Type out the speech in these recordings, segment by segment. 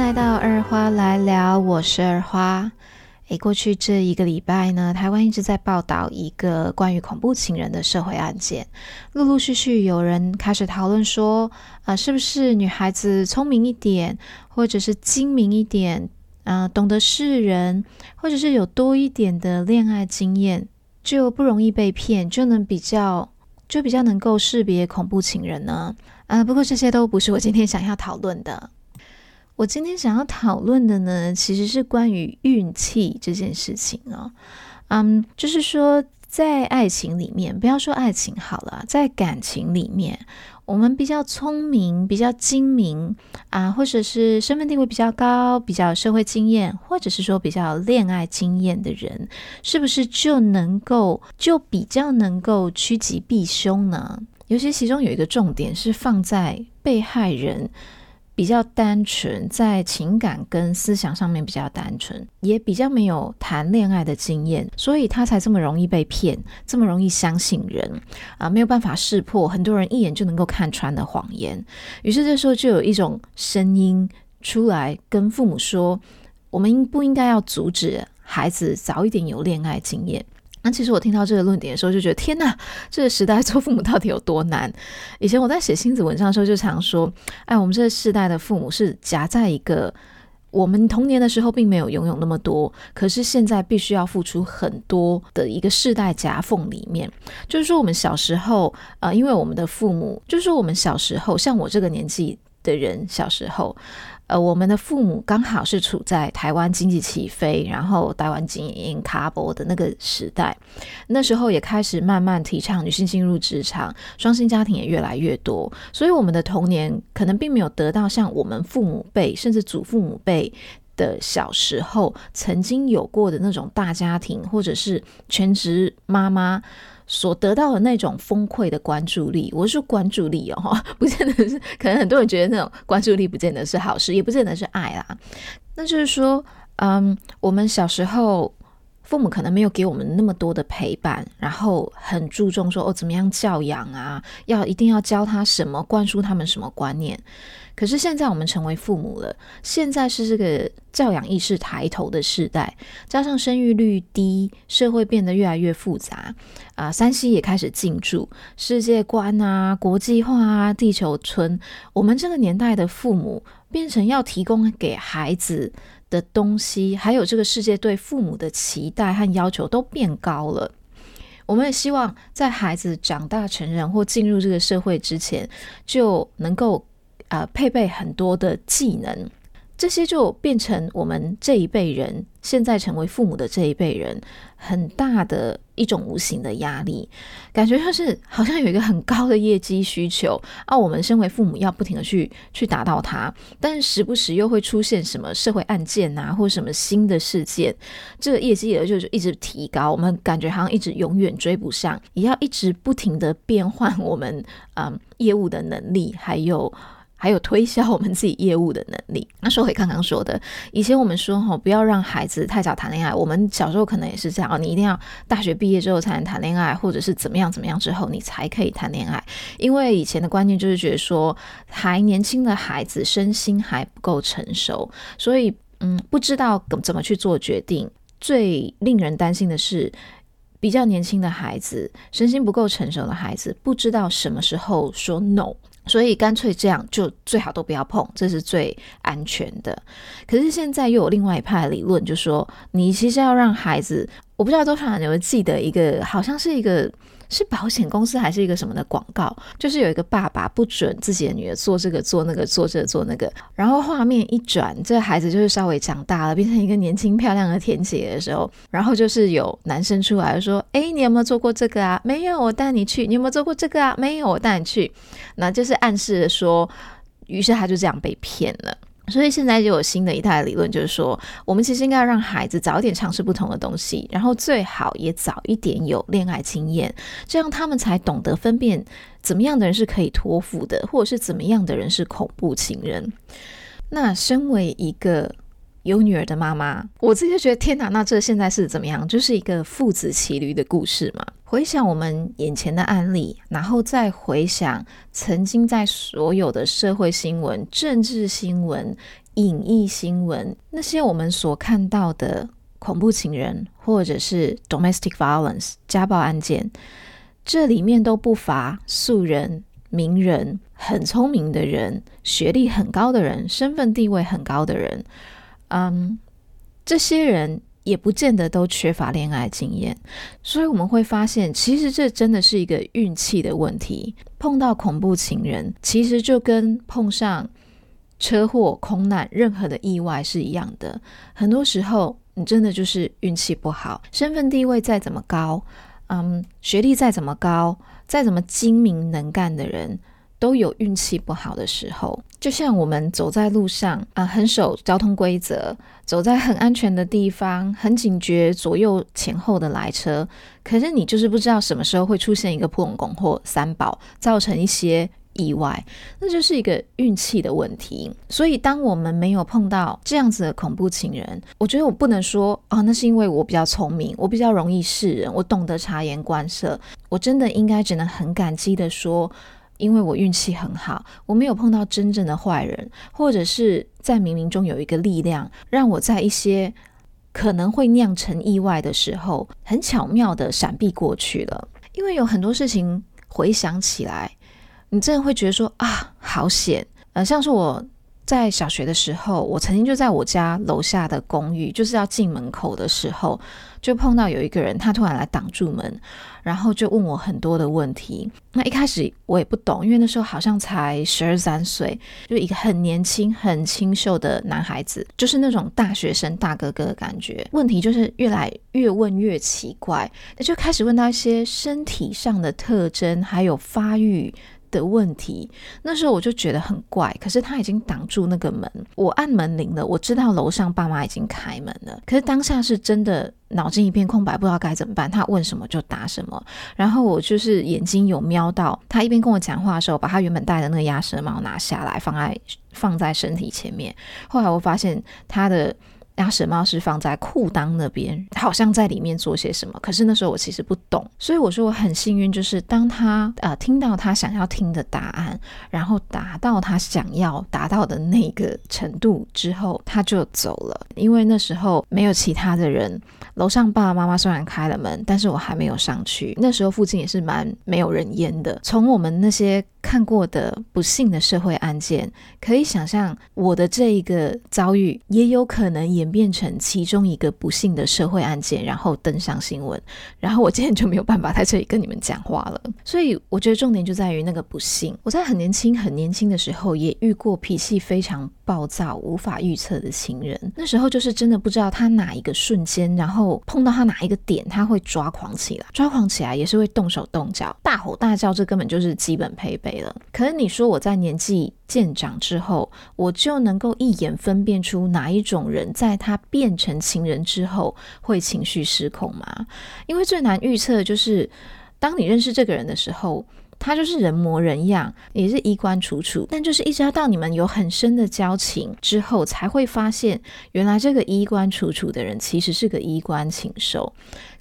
來到二花來聊，我是二花。誒，過去這一個禮拜呢，台灣一直在報道一個關於恐怖情人的社會案件，陸陸續續有人開始討論說，啊、呃，是不是女孩子聰明一點，或者是精明一點，啊、呃，懂得識人，或者是有多一點的戀愛經驗，就不容易被騙，就能比較，就比較能夠識別恐怖情人呢？啊、呃，不過這些都不是我今天想要討論的。我今天想要討論的呢，其實是關於運氣這件事情哦。嗯，um，就是說在愛情裡面，不要說愛情好了，在感情裡面，我們比較聰明、比較精明啊，或者是身份地位比較高、比較有社會經驗，或者是說比較有戀愛經驗的人，是不是就能夠就比較能夠趨吉避凶呢？尤其其中有一個重點是放在被害人。比較單純，在情感跟思想上面比較單純，也比較沒有談戀愛的經驗，所以他才這麼容易被騙，這麼容易相信人啊，沒有辦法識破很多人一眼就能夠看穿的謊言。於是這時候就有一種聲音出來，跟父母說：我們應不應該要阻止孩子早一點有戀愛經驗？那其實我聽到這個論點的時候，就覺得天哪，這個時代做父母到底有多難？以前我在寫親子文章的時候，就常說：“哎，我們這個世代的父母是夾在一個我們童年的時候並沒有擁有那麼多，可是現在必須要付出很多的一個世代夾縫裡面。”就是說，我們小時候，呃，因為我們的父母，就是說我們小時候，像我這個年紀的人小時候。呃，我們的父母剛好是處在台灣經濟起飛，然後台灣經營卡博的那個時代，那時候也開始慢慢提倡女性進入職場，雙薪家庭也越來越多，所以我們的童年可能並沒有得到像我們父母輩，甚至祖父母輩的小時候曾經有過的那種大家庭，或者是全職媽媽。所得到的那種崩潰的關注力，我是說關注力哦，不見得是，可能很多人覺得那種關注力不見得是好事，也不見得是愛啦。那就是說，嗯，我們小時候父母可能沒有給我們那麼多的陪伴，然後很注重說哦，怎麼樣教養啊，要一定要教他什麼，灌輸他們什麼觀念。可是現在我們成為父母了，現在是這個教養意識抬頭的時代，加上生育率低，社會變得越來越複雜啊。3C 也開始進駐，世界觀啊，國際化啊，地球村。我們這個年代的父母，變成要提供給孩子的東西，還有這個世界對父母的期待和要求都變高了。我們也希望在孩子長大成人或進入這個社會之前，就能夠。啊、呃，配備很多的技能，這些就變成我們這一輩人現在成為父母的這一輩人很大的一種無形的壓力，感覺就是好像有一個很高的業績需求啊，我們身為父母要不停的去去達到它，但是時不時又會出現什麼社會案件啊，或什麼新的事件，這個業績也就是一直提高，我們感覺好像一直永遠追不上，也要一直不停的變換我們啊、呃、業務的能力，還有。還有推銷我們自己業務的能力。那說回剛剛說的，以前我們說吼，不要讓孩子太早談戀愛。我們小時候可能也是這樣，你一定要大學畢業之後才能談戀愛，或者是怎麼樣怎麼樣之後，你才可以談戀愛。因為以前的觀念就是覺得說，還年輕的孩子身心還不夠成熟，所以嗯，不知道怎麼去做決定。最令人擔心的是，比較年輕的孩子，身心不夠成熟的孩子，不知道什麼時候說 no。所以乾脆這樣就最好都不要碰，這是最安全的。可是現在又有另外一派理論，就說你其實要讓孩子，我不知道多少人你有記得一個，好像是一個。是保險公司還是一個什麼的廣告？就是有一個爸爸不准自己的女兒做這個做那個做這做那個，然後畫面一轉，這孩子就是稍微長大了，變成一個年輕漂亮的甜姐的時候，然後就是有男生出來說：“哎、欸，你有沒有做過這個啊？沒有，我帶你去。你有沒有做過這個啊？沒有，我帶你去。”那就是暗示說，於是他就這樣被騙了。所以現在就有新的一代理論，就是說，我們其實應該要讓孩子早一點嘗試不同的東西，然後最好也早一點有戀愛經驗，這樣他們才懂得分辨怎麼樣的人是可以托付的，或者是怎麼樣的人是恐怖情人。那身為一個有女兒的媽媽，我自己就覺得天哪！那這現在是怎麼樣？就是一個父子騎驢的故事嘛。回想我們眼前的案例，然後再回想曾經在所有的社會新聞、政治新聞、影藝新聞，那些我們所看到的恐怖情人，或者是 domestic violence 家暴案件，這裡面都不乏素人、名人、很聰明的人、學歷很高的人、身份地位很高的人。嗯，這些人也不見得都缺乏戀愛經驗，所以我們會發現，其實這真的是一個運氣的問題。碰到恐怖情人，其實就跟碰上車禍、空難、任何的意外是一樣的。很多時候，你真的就是運氣不好。身份地位再怎麼高，嗯，學歷再怎麼高，再怎麼精明能幹的人。都有運氣不好的時候，就像我們走在路上啊、呃，很守交通規則，走在很安全的地方，很警覺左右前後的來車，可是你就是不知道什麼時候會出現一個破龍拱或三寶，造成一些意外，那就是一個運氣的問題。所以，當我們沒有碰到這樣子的恐怖情人，我覺得我不能說啊、哦，那是因為我比較聰明，我比較容易識人，我懂得察言觀色，我真的應該只能很感激地說。因為我運氣很好，我沒有碰到真正的壞人，或者是在冥冥中有一個力量，讓我在一些可能會釀成意外的時候，很巧妙的閃避過去了。因為有很多事情回想起來，你真的會覺得說啊，好險！呃，像是我在小學的時候，我曾經就在我家樓下的公寓，就是要進門口的時候。就碰到有一個人，他突然來擋住門，然後就問我很多的問題。那一開始我也不懂，因為那時候好像才十二三歲，就一個很年輕、很清秀的男孩子，就是那種大學生大哥哥的感覺。問題就是越來越問越奇怪，那就開始問到一些身體上的特徵，還有發育。的問題，那時候我就覺得很怪。可是他已經擋住那個門，我按門鈴了，我知道樓上爸媽已經開門了。可是當下是真的腦筋一片空白，不知道該怎麼辦。他問什麼就答什麼，然後我就是眼睛有瞄到他一邊跟我講話的時候，把他原本戴的那個鴨舌帽拿下來，放在放在身體前面。後來我發現他的。鴨舌帽是放在褲襠那邊，好像在裡面做些什麼。可是那時候我其實不懂，所以我說我很幸運，就是當他呃聽到他想要聽的答案，然後達到他想要達到的那個程度之後，他就走了。因為那時候沒有其他的人，樓上爸爸媽媽雖然開了門，但是我還沒有上去。那時候附近也是蠻沒有人煙的，從我們那些。看過的不幸的社會案件，可以想象我的這一個遭遇也有可能演變成其中一個不幸的社會案件，然後登上新聞，然後我今天就沒有辦法在這裡跟你們講話了。所以我覺得重點就在於那個不幸。我在很年輕、很年輕的時候也遇過脾氣非常暴躁、無法預測的情人，那時候就是真的不知道他哪一個瞬間，然後碰到他哪一個點，他會抓狂起來。抓狂起來也是會動手動腳、大吼大叫，這根本就是基本配備。可是你說我在年紀漸長之後，我就能夠一眼分辨出哪一種人在他變成情人之後會情緒失控嗎？因為最難預測的就是，當你認識這個人的時候，他就是人模人樣，也是衣冠楚楚，但就是一直到你們有很深的交情之後，才會發現原來這個衣冠楚楚的人其實是個衣冠禽獸。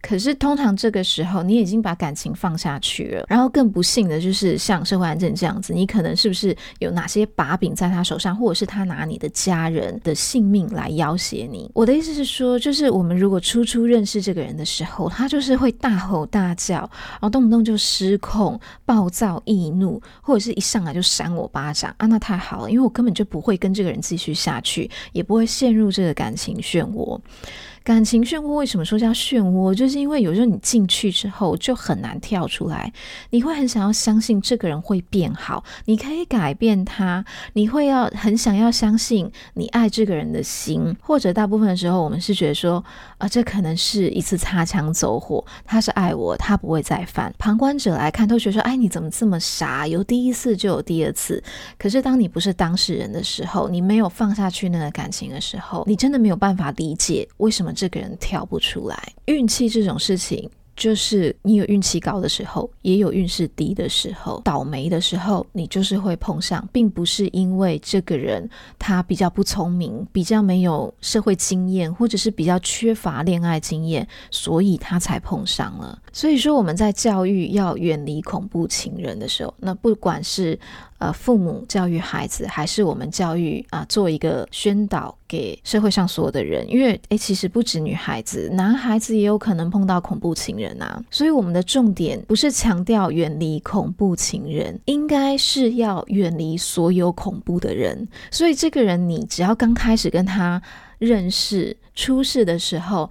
可是，通常這個時候，你已經把感情放下去了。然後更不幸的就是，像社會案件這樣子，你可能是不是有哪些把柄在他手上，或者是他拿你的家人的性命來要挾你？我的意思是說，就是我們如果初初認識這個人的時候，他就是會大吼大叫，然後動不動就失控、暴躁易怒，或者是一上來就扇我巴掌啊，那太好了，因為我根本就不會跟這個人繼續下去，也不會陷入這個感情漩渦。感情漩渦為什麼說叫漩渦？就是因為有時候你進去之後就很難跳出來，你會很想要相信這個人會變好，你可以改變他，你會要很想要相信你愛這個人的心。或者大部分的時候，我們是覺得說，啊，這可能是一次擦槍走火，他是愛我，他不會再犯。旁觀者來看，都覺得說，哎，你怎麼這麼傻？有第一次就有第二次。可是當你不是當事人的時候，你沒有放下去那個感情的時候，你真的沒有辦法理解為什麼。這個人跳不出來，運氣這種事情，就是你有運氣高的時候，也有運勢低的時候，倒霉的時候，你就是會碰上，並不是因為這個人他比較不聰明，比較沒有社會經驗，或者是比較缺乏戀愛經驗，所以他才碰上了。所以說，我們在教育要遠離恐怖情人的時候，那不管是呃父母教育孩子，還是我們教育啊、呃，做一個宣導給社會上所有的人，因為誒其實不止女孩子，男孩子也有可能碰到恐怖情人啊。所以我們的重點不是強調遠離恐怖情人，應該是要遠離所有恐怖的人。所以這個人，你只要剛開始跟他認識、初識的時候，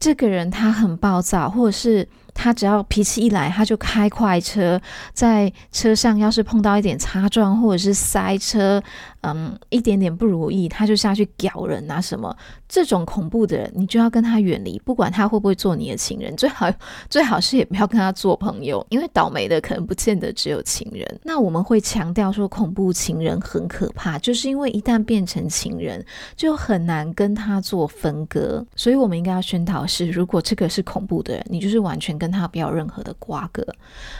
這個人他很暴躁，或者是他只要脾氣一來，他就開快車，在車上要是碰到一點擦撞或者是塞車。嗯，一點點不如意，他就下去咬人啊什麼？這種恐怖的人，你就要跟他遠離，不管他會不會做你的情人，最好最好是也不要跟他做朋友，因為倒霉的可能不見得只有情人。那我們會強調說，恐怖情人很可怕，就是因為一旦變成情人，就很難跟他做分割。所以，我們應該要宣導是，如果這個是恐怖的人，你就是完全跟他不要任何的瓜葛。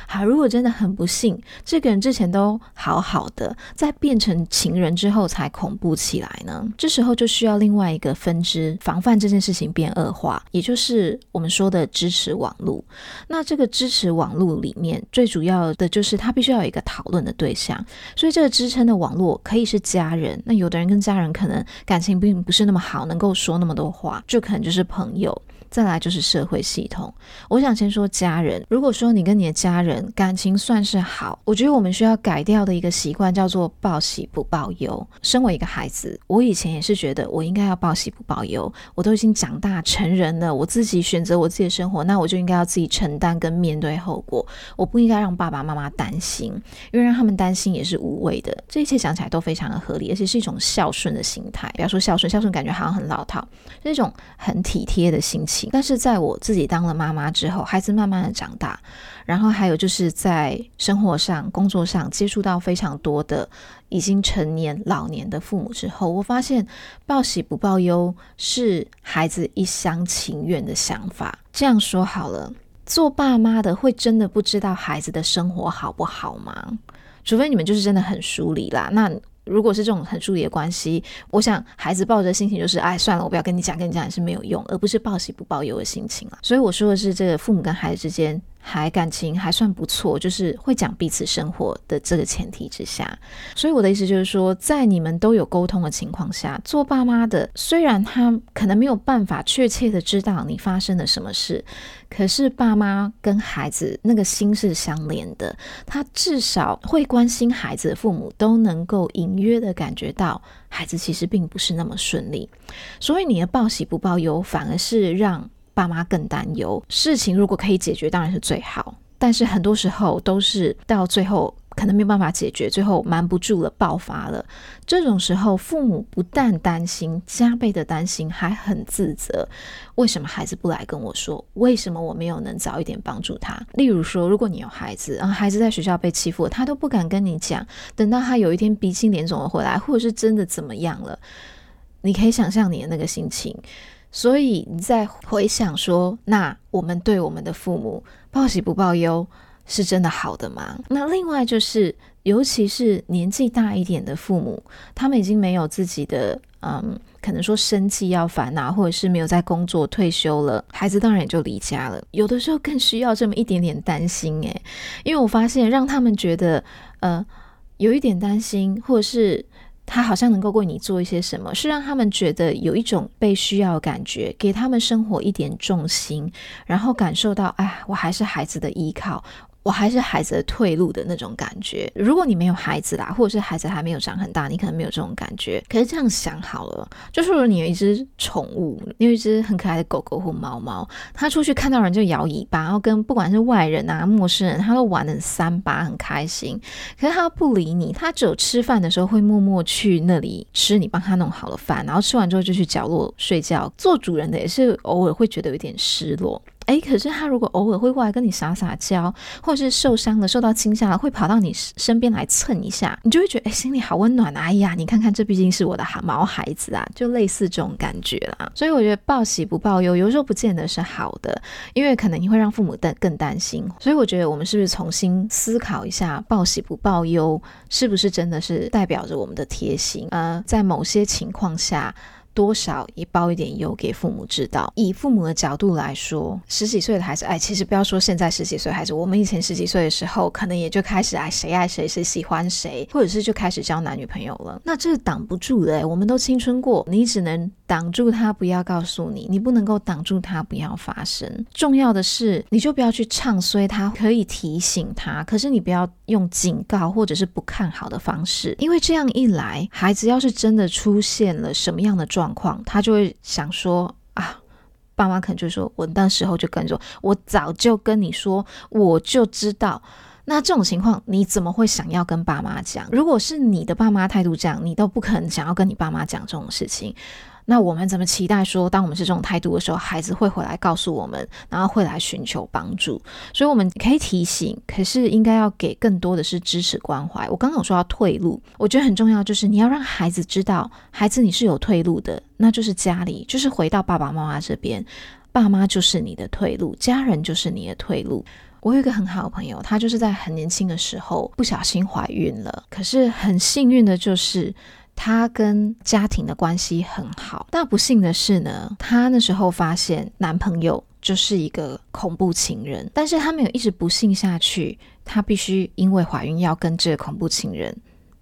好，如果真的很不幸，這個人之前都好好的，在變成情人，之後才恐怖起來呢？這時候就需要另外一個分支，防範這件事情變惡化，也就是我們說的支持網絡。那這個支持網絡裡面最主要的就是它必須要有一個討論的對象，所以這個支撐的網絡可以是家人。那有的人跟家人可能感情並不是那麼好，能夠說那麼多話，就可能就是朋友。再來就是社會系統。我想先說家人。如果說你跟你的家人感情算是好，我覺得我們需要改掉的一個習慣叫做報喜不報憂。身為一個孩子，我以前也是覺得我應該要報喜不報憂。我都已經長大成人了，我自己選擇我自己的生活，那我就應該要自己承擔跟面對後果。我不應該讓爸爸媽媽擔心，因為讓他們擔心也是無謂的。這一切講起來都非常的合理，而且是一種孝順的心態。不要說孝順，孝順感覺好像很老套，是一種很體貼的心情。但是在我自己當了媽媽之後，孩子慢慢的長大，然後還有就是在生活上、工作上接觸到非常多的已經成年老年的父母之後，我發現報喜不報憂是孩子一廂情願的想法。這樣說好了，做爸媽的會真的不知道孩子的生活好不好嗎？除非你們就是真的很疏離啦。那如果是這種很疏離的關係，我想孩子抱着心情就是，哎，算了，我不要跟你講，跟你講也是沒有用，而不是報喜不報憂的心情啊。所以我說的是，這個父母跟孩子之間。還感情還算不錯，就是會講彼此生活的這個前提之下，所以我的意思就是說，在你們都有溝通的情況下，做爸媽的雖然他可能沒有辦法確切的知道你發生了什麼事，可是爸媽跟孩子那個心是相連的，他至少會關心孩子的父母都能夠隱約的感覺到孩子其實並不是那麼順利，所以你的報喜不報憂，反而是讓。爸媽更擔憂，事情如果可以解決，當然是最好。但是很多時候都是到最後可能沒有辦法解決，最後瞞不住了，爆發了。這種時候，父母不但擔心，加倍的擔心，還很自責：為什麼孩子不來跟我說？為什麼我沒有能早一點幫助他？例如說，如果你有孩子，然後，嗯，孩子在學校被欺負了，他都不敢跟你講。等到他有一天鼻青臉腫的回來，或者是真的怎麼樣了，你可以想象你的那個心情。所以你再回想說，那我們對我們的父母報喜不報憂，是真的好的嗎？那另外就是，尤其是年紀大一點的父母，他們已經沒有自己的，嗯，可能說生計要煩惱、啊，或者是沒有在工作退休了，孩子當然也就離家了。有的時候更需要這麼一點點擔心、欸，誒因為我發現讓他們覺得，呃，有一點擔心，或者是。他好像能夠為你做一些什麼，是讓他們覺得有一種被需要的感覺，給他們生活一點重心，然後感受到，哎，我還是孩子的依靠。我還是孩子的退路的那種感覺。如果你沒有孩子啦，或者是孩子還沒有長很大，你可能沒有這種感覺。可是這樣想好了，就是如果你有一隻寵物，你有一隻很可愛的狗狗或貓貓，它出去看到人就搖尾巴，然後跟不管是外人啊、陌生人，他都玩的很三八，很開心。可是他不理你，他只有吃飯的時候會默默去那裡吃你幫他弄好的飯，然後吃完之後就去角落睡覺。做主人的也是偶爾會覺得有點失落。誒，可是他如果偶爾會過來跟你撒撒嬌，或者是受傷了、受到驚嚇了，會跑到你身邊來蹭一下，你就會覺得誒，心裡好溫暖啊！哎呀，你看看，這畢竟是我的毛孩子啊，就類似這種感覺啦。所以我覺得報喜不報憂，有時候不見得是好的，因為可能你會讓父母擔更擔心。所以我覺得我們是不是重新思考一下，報喜不報憂是不是真的是代表着我們的貼心？呃，在某些情況下。多少也報一點憂給父母知道。以父母的角度來說，十幾歲的孩子，哎，其實不要說現在十幾歲孩子，我們以前十幾歲的時候，可能也就開始哎，誰愛誰，誰喜歡誰，或者是就開始交男女朋友了。那這是擋不住的，欸，我們都青春過，你只能擋住他，不要告訴你，你不能夠擋住他，不要發生。重要的是，你就不要去唱衰他，可以提醒他，可是你不要用警告或者是不看好的方式，因為這樣一來，孩子要是真的出現了什麼樣的狀。情況，他就會想說啊，爸媽可能就說，我那時候就跟着我，早就跟你說，我就知道。那這種情況，你怎麼會想要跟爸媽講？如果是你的爸媽態度這樣，你都不可能想要跟你爸媽講這種事情。那我們怎麼期待說，當我們是這種態度的時候，孩子會回來告訴我們，然後會來尋求幫助？所以我們可以提醒，可是應該要給更多的是支持關懷。我剛剛有說到退路，我覺得很重要，就是你要讓孩子知道，孩子你是有退路的，那就是家裡，就是回到爸爸媽媽這邊，爸媽就是你的退路，家人就是你的退路。我有一個很好的朋友，他就是在很年輕的時候不小心懷孕了，可是很幸運的就是。她跟家庭的關係很好，但不幸的是呢，她那時候發現男朋友就是一個恐怖情人。但是她沒有一直不幸下去，她必須因為懷孕要跟這個恐怖情人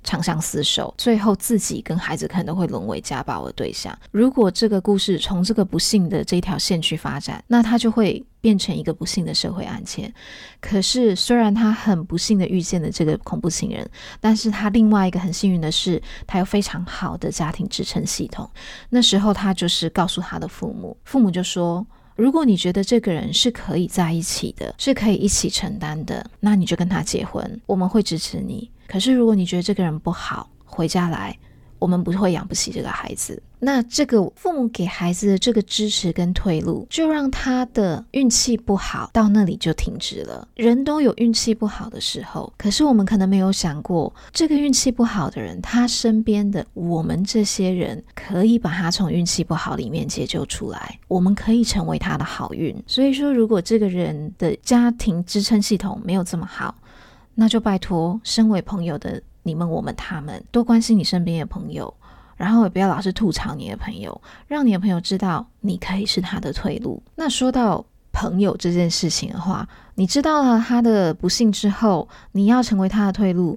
長相廝守，最後自己跟孩子可能都會淪為家暴的對象。如果這個故事從這個不幸的這條線去發展，那她就會。變成一個不幸的社會案件。可是，雖然他很不幸的遇見了這個恐怖情人，但是他另外一個很幸運的是，他有非常好的家庭支撐系統。那時候，他就是告訴他的父母，父母就說：“如果你覺得這個人是可以在一起的，是可以一起承擔的，那你就跟他結婚，我們會支持你。可是，如果你覺得這個人不好，回家來。”我們不會養不起這個孩子，那這個父母給孩子的這個支持跟退路，就讓他的運氣不好到那裡就停止了。人都有運氣不好的時候，可是我們可能沒有想過，這個運氣不好的人，他身邊的我們這些人，可以把他從運氣不好裡面解救出來。我們可以成為他的好運。所以說，如果這個人的家庭支撐系統沒有這麼好，那就拜託身為朋友的。你們、我們、他們，多關心你身邊的朋友，然後也不要老是吐槽你的朋友，讓你的朋友知道你可以是他的退路。那說到朋友這件事情的話，你知道了他的不幸之後，你要成為他的退路，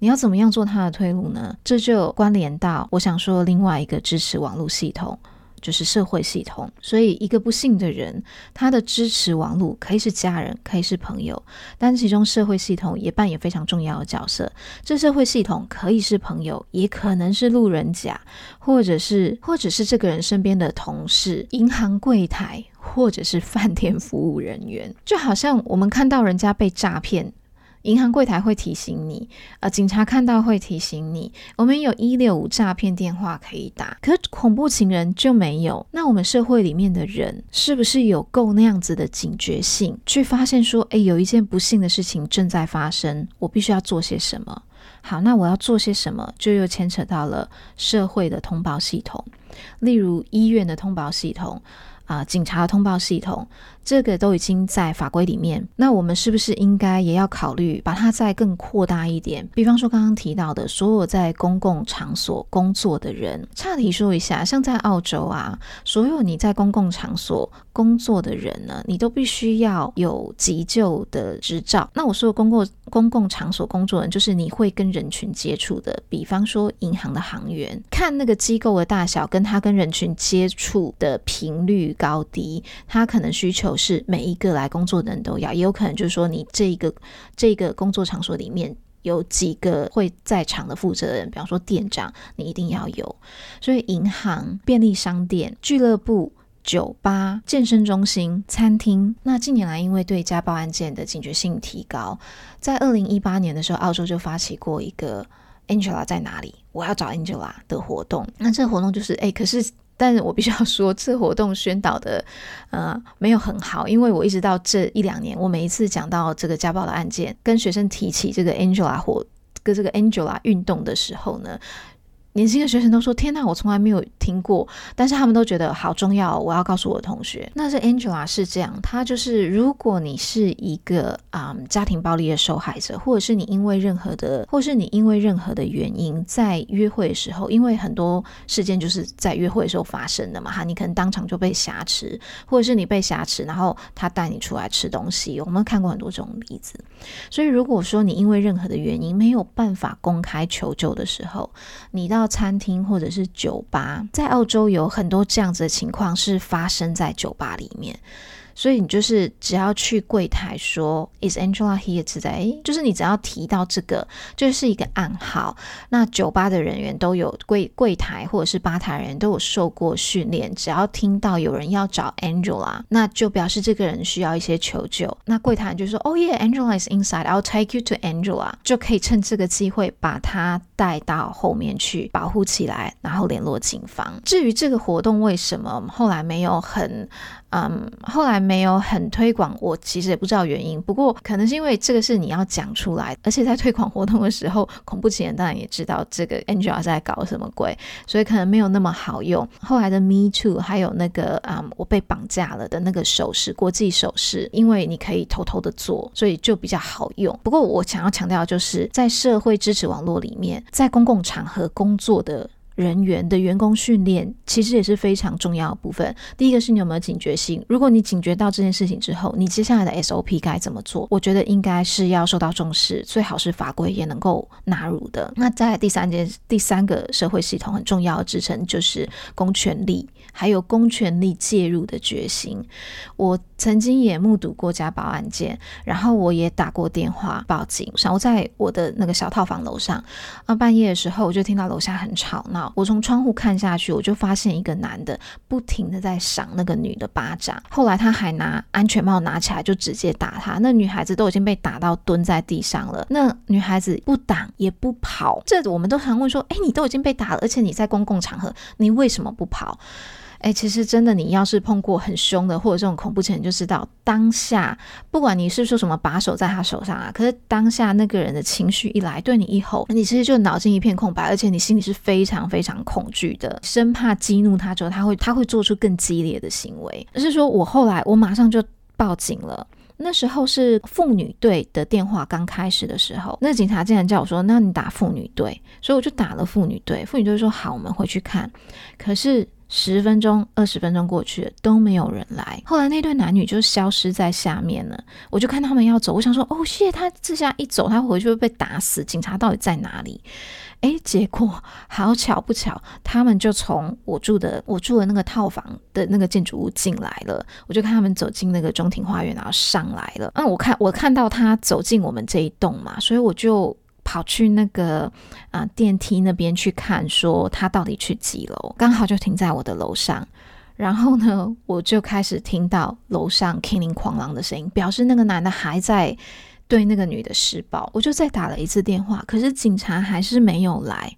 你要怎麼樣做他的退路呢？這就有關聯到我想說另外一個支持網絡系統。就是社會系統，所以一個不幸的人，他的支持網絡可以是家人，可以是朋友，但其中社會系統也扮演非常重要的角色。這社會系統可以是朋友，也可能是路人甲，或者是或者是這個人身邊的同事、銀行櫃檯，或者是飯店服務人員。就好像我們看到人家被詐騙。銀行櫃檯會提醒你，呃，警察看到會提醒你，我們有一六五詐騙電話可以打，可恐怖情人就沒有。那我們社會裡面的人是不是有夠那樣子的警覺性，去發現說，誒，有一件不幸的事情正在發生，我必須要做些什麼？好，那我要做些什麼，就又牽扯到了社會的通報系統，例如醫院的通報系統，啊、呃，警察的通報系統。這個都已經在法規裡面，那我們是不是應該也要考慮把它再更擴大一點？比方說剛剛提到的所有在公共場所工作的人，岔題說一下，像在澳洲啊，所有你在公共場所工作的人呢，你都必須要有急救的執照。那我說的公共公共場所工作人，就是你會跟人群接觸的，比方說銀行的行員。看那個機構的大小，跟他跟人群接觸的頻率高低，他可能需求。是每一個來工作的人都要，也有可能就是說你這個這個工作場所裡面有幾個會在場的負責人，比方說店長，你一定要有。所以銀行、便利商店、俱樂部、酒吧、健身中心、餐廳，那近年來因為對家暴案件的警覺性提高，在二零一八年的時候，澳洲就發起過一個 Angela 在哪裡？我要找 Angela 的活動。那這個活動就是，誒，可是。但是我必須要說，這活動宣導的，呃，沒有很好，因為我一直到這一兩年，我每一次講到這個家暴的案件，跟學生提起這個 Angela 活跟這個 Angela 運動的時候呢。年輕的學生都說：“天哪、啊，我從來沒有聽過。”但是他們都覺得好重要，我要告訴我的同學。那是 Angela 是這樣，她就是如果你是一個啊、嗯、家庭暴力的受害者，或者是你因為任何的，或是你因為任何的原因在約會的時候，因為很多事件就是在約會的時候發生的嘛哈，你可能當場就被挾持，或者是你被挾持，然後他帶你出來吃東西。我們看過很多這種例子，所以如果說你因為任何的原因沒有辦法公開求救的時候，你到到餐廳或者是酒吧，在澳洲有很多這樣子的情況是發生在酒吧裡面。所以你就是只要去櫃檯說 Is Angela here today? 就是你只要提到這個，就是一個暗號。那酒吧的人員都有櫃櫃檯或者是吧台人都有受過訓練，只要聽到有人要找 Angela，那就表示這個人需要一些求救。那櫃檯就說 Oh yeah，Angela is inside，I'll take you to Angela，就可以趁這個機會把他帶到後面去保護起來，然後聯絡警方。至於這個活動為什麼後來沒有很嗯，後來。沒有很推廣，我其實也不知道原因。不過可能是因為這個是你要講出來，而且在推廣活動的時候，恐怖情人當然也知道這個 Angela 在搞什麼鬼，所以可能沒有那麼好用。後來的 Me Too，還有那個啊、嗯，我被綁架了的那個手勢，國際手勢，因為你可以偷偷的做，所以就比較好用。不過我想要強調的，就是在社會支持網絡裡面，在公共場合工作的。人員的員工訓練其實也是非常重要的部分。第一個是你有沒有警覺性，如果你警覺到這件事情之後，你接下來的 SOP 該怎麼做？我覺得應該是要受到重視，最好是法規也能夠納入的。那在第三件、第三個社會系統很重要的支撐，就是公權力，還有公權力介入的決心。我曾經也目睹過家暴案件，然後我也打過電話報警。我在我的那個小套房樓上，那半夜的時候，我就聽到樓下很吵鬧。我從窗戶看下去，我就發現一個男的不停地在賞那個女的巴掌。後來他還拿安全帽拿起來就直接打她，那女孩子都已經被打到蹲在地上了。那女孩子不擋也不跑，這我們都常問說：哎，你都已經被打了，而且你在公共場合，你為什麼不跑？哎、欸，其實真的，你要是碰過很凶的或者這種恐怖情人，就知道當下不管你是說什麼把手在他手上啊，可是當下那個人的情緒一來，對你一吼，你其實就腦筋一片空白，而且你心裡是非常非常恐懼的，生怕激怒他之後，他會他會做出更激烈的行為。而是說我後來我馬上就報警了，那時候是婦女隊的電話，剛開始的時候，那警察竟然叫我說，那你打婦女隊，所以我就打了婦女隊，婦女隊說好，我們回去看，可是十分鐘、二十分鐘過去了，都沒有人來。後來那對男女就消失在下面了。我就看他們要走，我想說，哦，謝謝，他這下一走，他回去會被打死。警察到底在哪裡？哎，結果好巧不巧，他們就從我住的、我住的那個套房的那個建築物進來了。我就看他們走進那個中庭花園，然後上來了。嗯，我看我看到他走進我們這一棟嘛，所以我就。跑去那個啊、呃、電梯那邊去看，說他到底去幾樓，剛好就停在我的樓上。然後呢，我就開始聽到樓上“叮鈴哐啷”的聲音，表示那個男的還在對那個女的施暴。我就再打了一次電話，可是警察還是沒有來。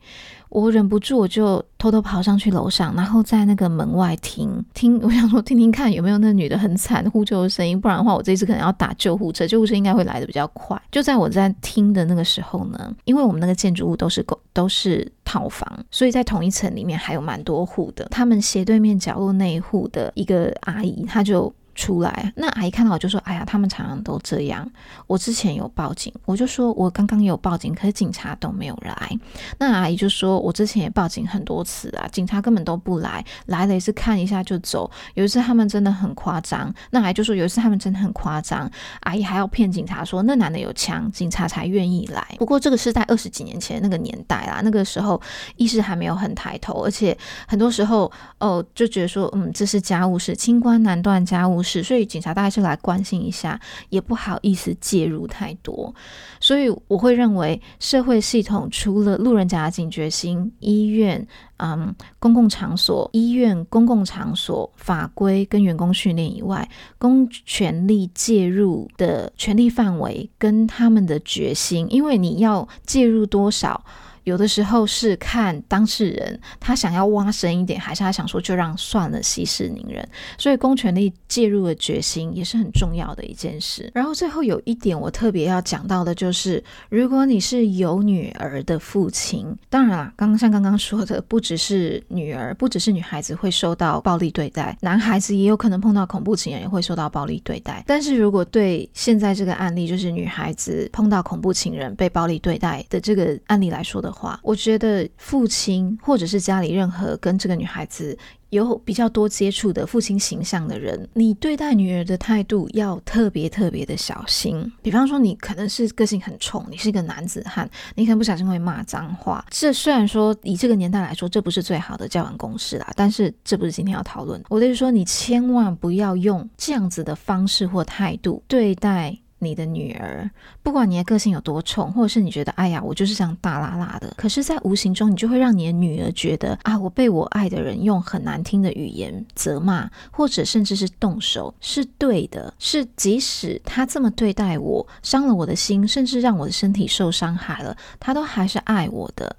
我忍不住，我就偷偷跑上去樓上，然後在那個門外聽聽。我想說，聽聽看有沒有那女的很慘呼救的聲音，不然的話，我這次可能要打救護車。救護車應該會來得比較快。就在我在聽的那個時候呢，因為我們那個建築物都是都是套房，所以在同一層裡面還有蠻多戶的。他們斜對面角落那一戶的一個阿姨，她就。出來，那阿姨看到我就說：“哎呀，他們常常都這樣。”我之前有報警，我就說：“我剛剛有報警，可是警察都沒有來。”那阿姨就說：“我之前也報警很多次啊，警察根本都不來，來了也是看一下就走。”有一次他們真的很誇張，那阿姨就說：“有一次他們真的很誇張，阿姨還要騙警察說那男的有槍，警察才願意來。”不過這個是在二十幾年前那個年代啦，那個時候意識還沒有很抬頭，而且很多時候哦就覺得說：“嗯，這是家務事，清官難斷家務事。”是，所以警察大概是來關心一下，也不好意思介入太多，所以我會認為社會系統除了路人甲警覺心、醫院。嗯，公共場所、醫院、公共場所法規跟員工訓練以外，公權力介入的權力範圍跟他們的決心，因為你要介入多少，有的時候是看當事人他想要挖深一點，還是他想說就讓算了，息事寧人。所以公權力介入的決心也是很重要的一件事。然後最後有一點我特別要講到的就是，如果你是有女兒的父親，當然啦，剛剛像剛剛說的，不止。只是女兒，不只是女孩子會受到暴力對待，男孩子也有可能碰到恐怖情人，也會受到暴力對待。但是如果對現在這個案例，就是女孩子碰到恐怖情人被暴力對待的這個案例來說的話，我覺得父親或者是家裡任何跟這個女孩子。有比較多接觸的父親形象的人，你對待女兒的態度要特別特別的小心。比方說，你可能是個性很衝，你是一個男子漢，你可能不小心會罵髒話。這雖然說以這個年代來說，這不是最好的教養公式啦，但是這不是今天要討論的。我就是說，你千萬不要用這樣子的方式或態度對待你的女兒。不管你的個性有多衝，或者是你覺得哎呀，我就是這樣大啦啦的，可是，在無形中你就會讓你的女兒覺得啊，我被我愛的人用很難聽的語言責罵，或者甚至是動手，是對的，是即使他這麼對待我，傷了我的心，甚至讓我的身體受傷害了，他都還是愛我的。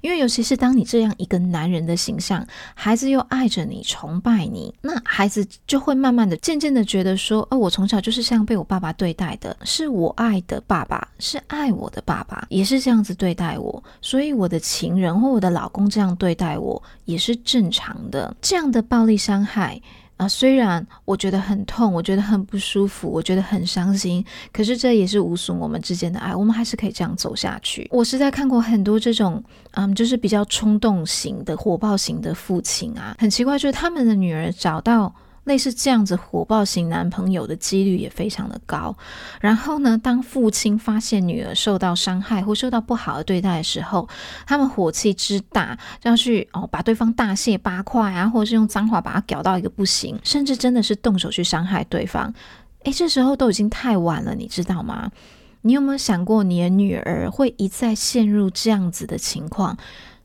因為尤其是當你這樣一個男人的形象，孩子又愛着你、崇拜你，那孩子就會慢慢的、漸漸的覺得說，哦、啊，我從小就是這樣被我爸爸對待的，是我愛的。爸爸是愛我的，爸爸也是這樣子對待我，所以我的情人或我的老公這樣對待我也是正常的。這樣的暴力傷害啊、呃，雖然我覺得很痛，我覺得很不舒服，我覺得很傷心，可是這也是無損我們之間的愛，我們還是可以這樣走下去。我是在看過很多這種，嗯，就是比較衝動型的火爆型的父親啊，很奇怪，就是他們的女兒找到。類似這樣子火爆型男朋友的幾率也非常的高。然後呢，當父親發現女兒受到傷害或受到不好的對待的時候，他們火氣之大，就要去哦把對方大卸八塊啊，或者是用髒話把他搞到一個不行，甚至真的是動手去傷害對方。哎、欸，這時候都已經太晚了，你知道嗎？你有沒有想過你的女兒會一再陷入這樣子的情況？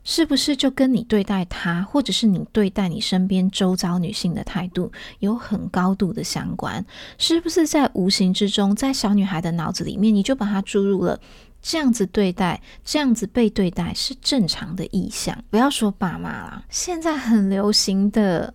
是不是就跟你對待她，或者是你對待你身邊周遭女性的態度有很高度的相關？是不是在無形之中，在小女孩的腦子裡面，你就把她注入了這樣子對待、這樣子被對待是正常的意向？不要說爸媽啦，現在很流行的。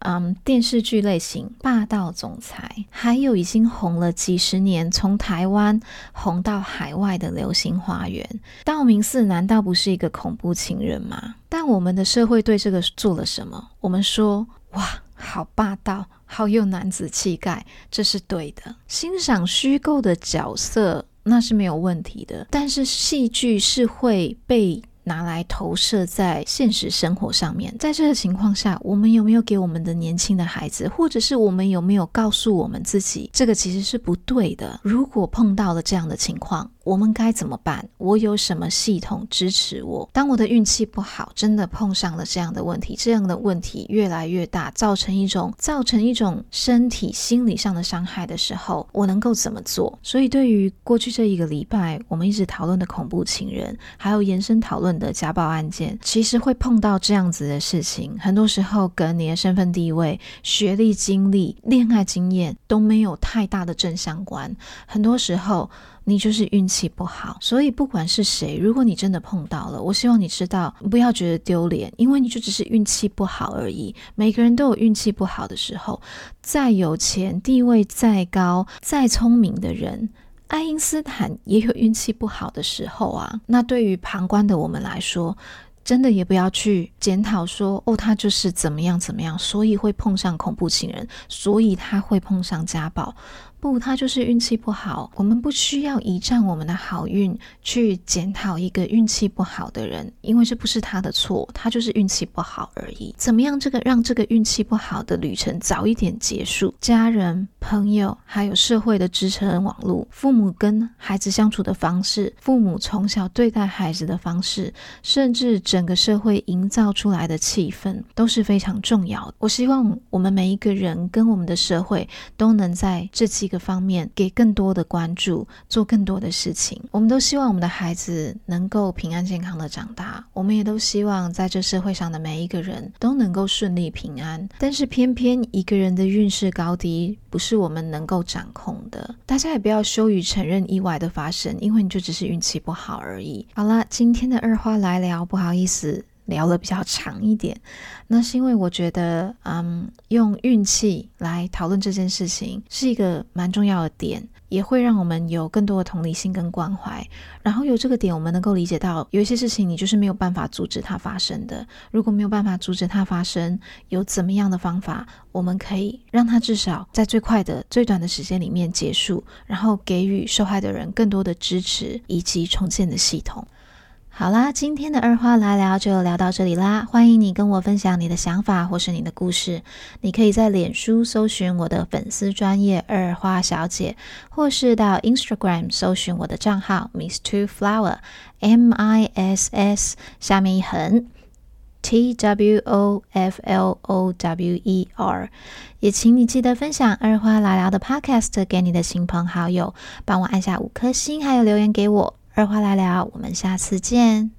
嗯，um，電視劇類型霸道總裁，還有已經紅了幾十年，從台灣紅到海外的《流星花園》，道明寺難道不是一個恐怖情人嗎？但我們的社會對這個做了什麼？我們說，哇，好霸道，好有男子氣概，這是對的。欣賞虛構的角色那是沒有問題的，但是戲劇是會被拿來投射在現實生活上面。在這個情況下，我們有沒有給我們的年輕的孩子，或者是我們有沒有告訴我們自己，這個其實是不對的。如果碰到了這樣的情況，我們該怎麼辦？我有什麼系統支持我？當我的運氣不好，真的碰上了這樣的問題，這樣的問題越來越大，造成一種造成一種身體心理上的傷害的時候，我能夠怎麼做？所以，對於過去這一個禮拜我們一直討論的恐怖情人，還有延伸討論的家暴案件，其實會碰到這樣子的事情，很多時候跟你的身份地位、學歷、經歷、戀愛經驗都沒有太大的正相關，很多時候。你就是運氣不好，所以不管是誰，如果你真的碰到了，我希望你知道，不要覺得丟臉，因為你就只是運氣不好而已。每個人都有運氣不好的時候，再有錢、地位再高、再聰明的人，愛因斯坦也有運氣不好的時候啊。那對於旁觀的我們來說，真的也不要去檢討說，哦，他就是怎麼樣怎麼樣，所以會碰上恐怖情人，所以他會碰上家暴。不，他就是運氣不好。我們不需要倚仗我們的好運去檢討一個運氣不好的人，因為這不是他的錯，他就是運氣不好而已。怎麼樣，這個讓這個運氣不好的旅程早一點結束？家人、朋友，還有社會的支撐網絡，父母跟孩子相處的方式，父母從小對待孩子的方式，甚至整個社會營造出來的氣氛，都是非常重要的。我希望我們每一個人跟我們的社會，都能在這幾。一個方面，給更多的關注，做更多的事情。我們都希望我們的孩子能夠平安健康地長大，我們也都希望在這社會上的每一個人都能夠順利平安。但是偏偏一個人的運勢高低不是我們能夠掌控的，大家也不要羞於承認意外的發生，因為你就只是運氣不好而已。好了，今天的二花來聊，不好意思。聊得比較長一點，那是因為我覺得，嗯，用運氣來討論這件事情是一個蠻重要的點，也會讓我們有更多的同理心跟關懷。然後由這個點，我們能夠理解到，有一些事情你就是沒有辦法阻止它發生的。如果沒有辦法阻止它發生，有怎麼樣的方法，我們可以讓它至少在最快的、最短的時間裡面結束，然後給予受害的人更多的支持以及重建的系統。好啦，今天的二花來聊就聊到這裡啦。歡迎你跟我分享你的想法或是你的故事。你可以在臉書搜尋我的粉絲專頁二花小姐，或是到 Instagram 搜尋我的賬號 Miss Two Flower M I S S 下面一橫 T W O F L O W E R。也請你記得分享二花來聊的 Podcast 給你的親朋好友，幫我按下五顆心，還有留言給我。二話來聊，我們下次見。